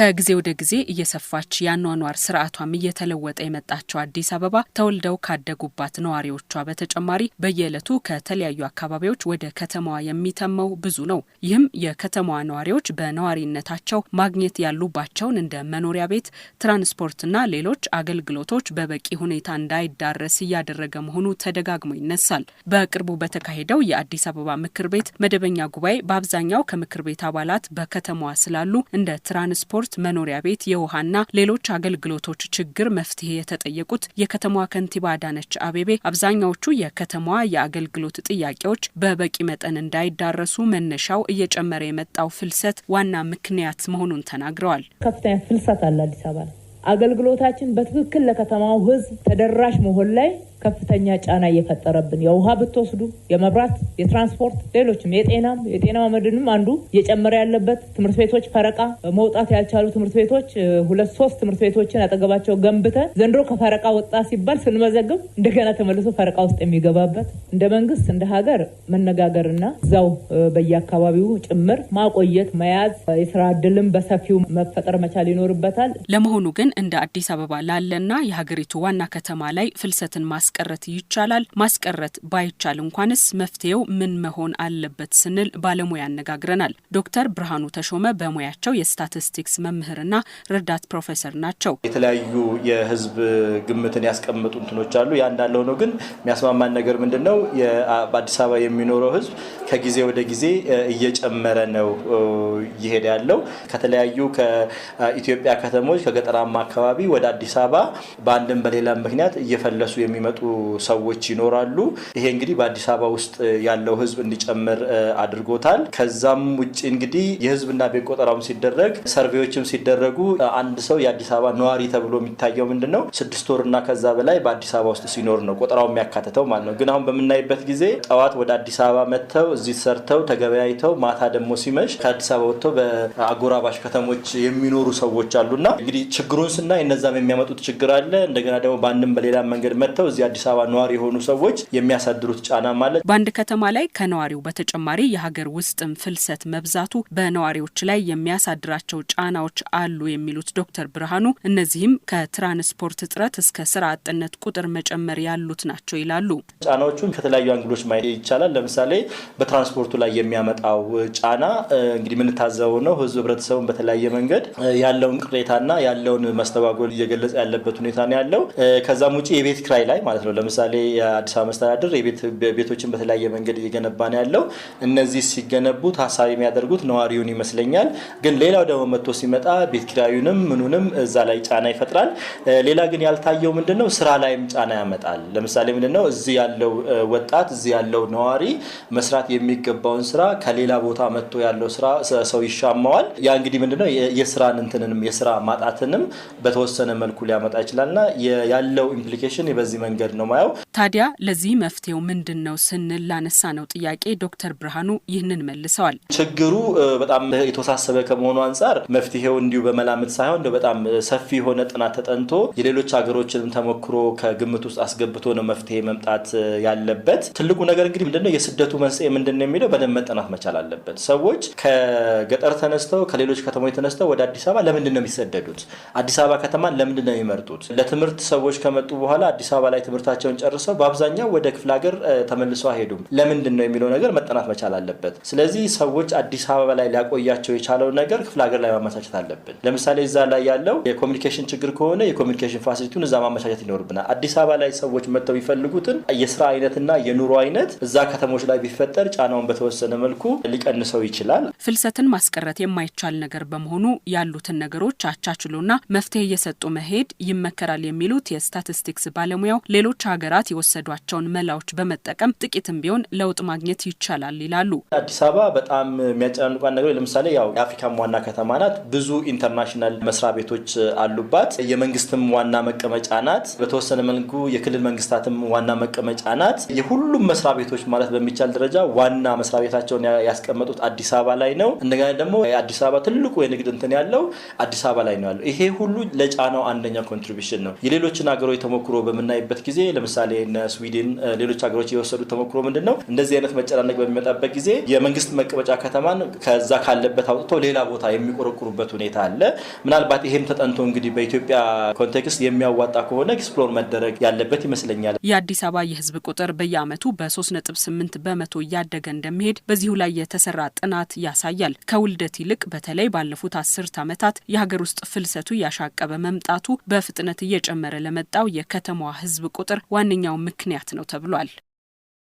ከጊዜ ወደ ጊዜ እየሰፋች የአኗኗር ስርዓቷም እየተለወጠ የመጣቸው አዲስ አበባ ተወልደው ካደጉባት ነዋሪዎቿ በተጨማሪ በየዕለቱ ከተለያዩ አካባቢዎች ወደ ከተማዋ የሚተመው ብዙ ነው። ይህም የከተማዋ ነዋሪዎች በነዋሪነታቸው ማግኘት ያሉባቸውን እንደ መኖሪያ ቤት፣ ትራንስፖርትና ሌሎች አገልግሎቶች በበቂ ሁኔታ እንዳይዳረስ እያደረገ መሆኑ ተደጋግሞ ይነሳል። በቅርቡ በተካሄደው የአዲስ አበባ ምክር ቤት መደበኛ ጉባኤ በአብዛኛው ከምክር ቤት አባላት በከተማዋ ስላሉ እንደ ትራንስፖርት የትምህርት፣ መኖሪያ ቤት፣ የውሃና ሌሎች አገልግሎቶች ችግር መፍትሄ የተጠየቁት የከተማዋ ከንቲባ አዳነች አቤቤ አብዛኛዎቹ የከተማዋ የአገልግሎት ጥያቄዎች በበቂ መጠን እንዳይዳረሱ መነሻው እየጨመረ የመጣው ፍልሰት ዋና ምክንያት መሆኑን ተናግረዋል። ከፍተኛ ፍልሰት አለ አዲስ አበባ። አገልግሎታችን በትክክል ለከተማው ህዝብ ተደራሽ መሆን ላይ ከፍተኛ ጫና እየፈጠረብን የውሃ ብትወስዱ የመብራት፣ የትራንስፖርት፣ ሌሎችም የጤናም የጤና መድንም አንዱ እየጨመረ ያለበት ትምህርት ቤቶች ፈረቃ መውጣት ያልቻሉ ትምህርት ቤቶች ሁለት ሶስት ትምህርት ቤቶችን አጠገባቸው ገንብተን ዘንድሮ ከፈረቃ ወጣ ሲባል ስንመዘግብ እንደገና ተመልሶ ፈረቃ ውስጥ የሚገባበት እንደ መንግስት እንደ ሀገር መነጋገርና እዛው በየአካባቢው ጭምር ማቆየት መያዝ የስራ እድልም በሰፊው መፈጠር መቻል ይኖርበታል። ለመሆኑ ግን እንደ አዲስ አበባ ላለና የሀገሪቱ ዋና ከተማ ላይ ፍልሰትን ማስቀ ማስቀረት ይቻላል? ማስቀረት ባይቻል እንኳንስ መፍትሄው ምን መሆን አለበት ስንል ባለሙያ አነጋግረናል። ዶክተር ብርሃኑ ተሾመ በሙያቸው የስታቲስቲክስ መምህርና ረዳት ፕሮፌሰር ናቸው። የተለያዩ የህዝብ ግምትን ያስቀምጡ እንትኖች አሉ። ያ እንዳለ ሆኖ ግን የሚያስማማን ነገር ምንድን ነው? በአዲስ አበባ የሚኖረው ህዝብ ከጊዜ ወደ ጊዜ እየጨመረ ነው እየሄደ ያለው። ከተለያዩ ከኢትዮጵያ ከተሞች ከገጠራማ አካባቢ ወደ አዲስ አበባ በአንድም በሌላ ምክንያት እየፈለሱ የሚመጡ የሚመጡ ሰዎች ይኖራሉ። ይሄ እንግዲህ በአዲስ አበባ ውስጥ ያለው ህዝብ እንዲጨምር አድርጎታል። ከዛም ውጭ እንግዲህ የህዝብና ቤት ቆጠራውም ሲደረግ ሰርቬዎችም ሲደረጉ አንድ ሰው የአዲስ አበባ ነዋሪ ተብሎ የሚታየው ምንድን ነው? ስድስት ወርና ከዛ በላይ በአዲስ አበባ ውስጥ ሲኖር ነው ቆጠራው የሚያካትተው ማለት ነው። ግን አሁን በምናይበት ጊዜ ጠዋት ወደ አዲስ አበባ መጥተው እዚህ ሰርተው ተገበያይተው ማታ ደግሞ ሲመሽ ከአዲስ አበባ ወጥተው በአጎራባሽ ከተሞች የሚኖሩ ሰዎች አሉና እንግዲህ ችግሩን ስናይ እነዛም የሚያመጡት ችግር አለ። እንደገና ደግሞ በአንድም በሌላ መንገድ መጥተው እዚህ የአዲስ አበባ ነዋሪ የሆኑ ሰዎች የሚያሳድሩት ጫና ማለት በአንድ ከተማ ላይ ከነዋሪው በተጨማሪ የሀገር ውስጥም ፍልሰት መብዛቱ በነዋሪዎች ላይ የሚያሳድራቸው ጫናዎች አሉ የሚሉት ዶክተር ብርሃኑ እነዚህም ከትራንስፖርት እጥረት እስከ ስራ አጥነት ቁጥር መጨመር ያሉት ናቸው ይላሉ። ጫናዎቹን ከተለያዩ አንግሎች ማየት ይቻላል። ለምሳሌ በትራንስፖርቱ ላይ የሚያመጣው ጫና እንግዲህ የምንታዘበው ነው። ህዝብ ህብረተሰቡን በተለያየ መንገድ ያለውን ቅሬታና ያለውን መስተጓጎል እየገለጸ ያለበት ሁኔታ ነው ያለው። ከዛም ውጭ የቤት ክራይ ላይ ማለት ማለት ነው። ለምሳሌ የአዲስ አበባ መስተዳድር ቤቶችን በተለያየ መንገድ እየገነባ ነው ያለው። እነዚህ ሲገነቡ ታሳቢ የሚያደርጉት ነዋሪውን ይመስለኛል። ግን ሌላው ደግሞ መጥቶ ሲመጣ ቤት ኪራዩንም ምኑንም እዛ ላይ ጫና ይፈጥራል። ሌላ ግን ያልታየው ምንድነው ስራ ላይም ጫና ያመጣል። ለምሳሌ ምንድነው እዚህ ያለው ወጣት እዚህ ያለው ነዋሪ መስራት የሚገባውን ስራ ከሌላ ቦታ መጥቶ ያለው ስራ ሰው ይሻማዋል። ያ እንግዲህ ምንድነው የስራን እንትንንም የስራ ማጣትንም በተወሰነ መልኩ ሊያመጣ ይችላልና ያለው ኢምፕሊኬሽን በዚህ መንገድ መንገድ ነው ማየው። ታዲያ ለዚህ መፍትሄው ምንድን ነው ስንል ላነሳ ነው ጥያቄ ዶክተር ብርሃኑ ይህንን መልሰዋል። ችግሩ በጣም የተወሳሰበ ከመሆኑ አንጻር መፍትሄው እንዲሁ በመላምት ሳይሆን በጣም ሰፊ የሆነ ጥናት ተጠንቶ የሌሎች ሀገሮችንም ተሞክሮ ከግምት ውስጥ አስገብቶ ነው መፍትሄ መምጣት ያለበት። ትልቁ ነገር እንግዲህ ምንድነው የስደቱ መንስኤ ምንድን ነው የሚለው በደንብ መጠናት መቻል አለበት። ሰዎች ከገጠር ተነስተው ከሌሎች ከተሞች ተነስተው ወደ አዲስ አበባ ለምንድን ነው የሚሰደዱት? አዲስ አበባ ከተማን ለምንድን ነው የሚመርጡት? ለትምህርት ሰዎች ከመጡ በኋላ አዲስ አበባ ላይ ትምህርታቸውን ጨርሰው በአብዛኛው ወደ ክፍለ ሀገር ተመልሰው አይሄዱም። ለምንድን ነው የሚለው ነገር መጠናት መቻል አለበት። ስለዚህ ሰዎች አዲስ አበባ ላይ ሊያቆያቸው የቻለውን ነገር ክፍለ ሀገር ላይ ማመቻቸት አለብን። ለምሳሌ እዛ ላይ ያለው የኮሚኒኬሽን ችግር ከሆነ የኮሚኒኬሽን ፋሲሊቲውን እዛ ማመቻቸት ይኖርብናል። አዲስ አበባ ላይ ሰዎች መጥተው የሚፈልጉትን የስራ አይነትና የኑሮ አይነት እዛ ከተሞች ላይ ቢፈጠር ጫናውን በተወሰነ መልኩ ሊቀንሰው ይችላል። ፍልሰትን ማስቀረት የማይቻል ነገር በመሆኑ ያሉትን ነገሮች አቻችሎና መፍትሄ እየሰጡ መሄድ ይመከራል የሚሉት የስታቲስቲክስ ባለሙያው ሌሎ ሌሎች ሀገራት የወሰዷቸውን መላዎች በመጠቀም ጥቂትም ቢሆን ለውጥ ማግኘት ይቻላል ይላሉ። አዲስ አበባ በጣም የሚያጨናንቋን ነገር ለምሳሌ ያው የአፍሪካም ዋና ከተማ ናት። ብዙ ኢንተርናሽናል መስሪያ ቤቶች አሉባት። የመንግስትም ዋና መቀመጫ ናት። በተወሰነ መልኩ የክልል መንግስታትም ዋና መቀመጫ ናት። የሁሉም መስሪያ ቤቶች ማለት በሚቻል ደረጃ ዋና መስሪያ ቤታቸውን ያስቀመጡት አዲስ አበባ ላይ ነው። እንደገና ደግሞ የአዲስ አበባ ትልቁ የንግድ እንትን ያለው አዲስ አበባ ላይ ነው ያለው። ይሄ ሁሉ ለጫናው አንደኛ ኮንትሪቢሽን ነው። የሌሎችን ሀገሮች ተሞክሮ በምናይበት ጊዜ ጊዜ ለምሳሌ እነ ስዊድን፣ ሌሎች ሀገሮች የወሰዱት ተሞክሮ ምንድን ነው? እንደዚህ አይነት መጨናነቅ በሚመጣበት ጊዜ የመንግስት መቀመጫ ከተማን ከዛ ካለበት አውጥቶ ሌላ ቦታ የሚቆረቁሩበት ሁኔታ አለ። ምናልባት ይሄም ተጠንቶ እንግዲህ በኢትዮጵያ ኮንቴክስት የሚያዋጣ ከሆነ ኤክስፕሎር መደረግ ያለበት ይመስለኛል። የአዲስ አበባ የህዝብ ቁጥር በየአመቱ በ3.8 በመቶ እያደገ እንደሚሄድ በዚሁ ላይ የተሰራ ጥናት ያሳያል። ከውልደት ይልቅ በተለይ ባለፉት አስርት ዓመታት የሀገር ውስጥ ፍልሰቱ እያሻቀበ መምጣቱ በፍጥነት እየጨመረ ለመጣው የከተማዋ ህዝብ ቁጥር ቁጥር ዋነኛው ምክንያት ነው ተብሏል።